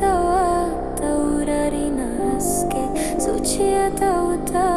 dała ta urarina Sucia dała ta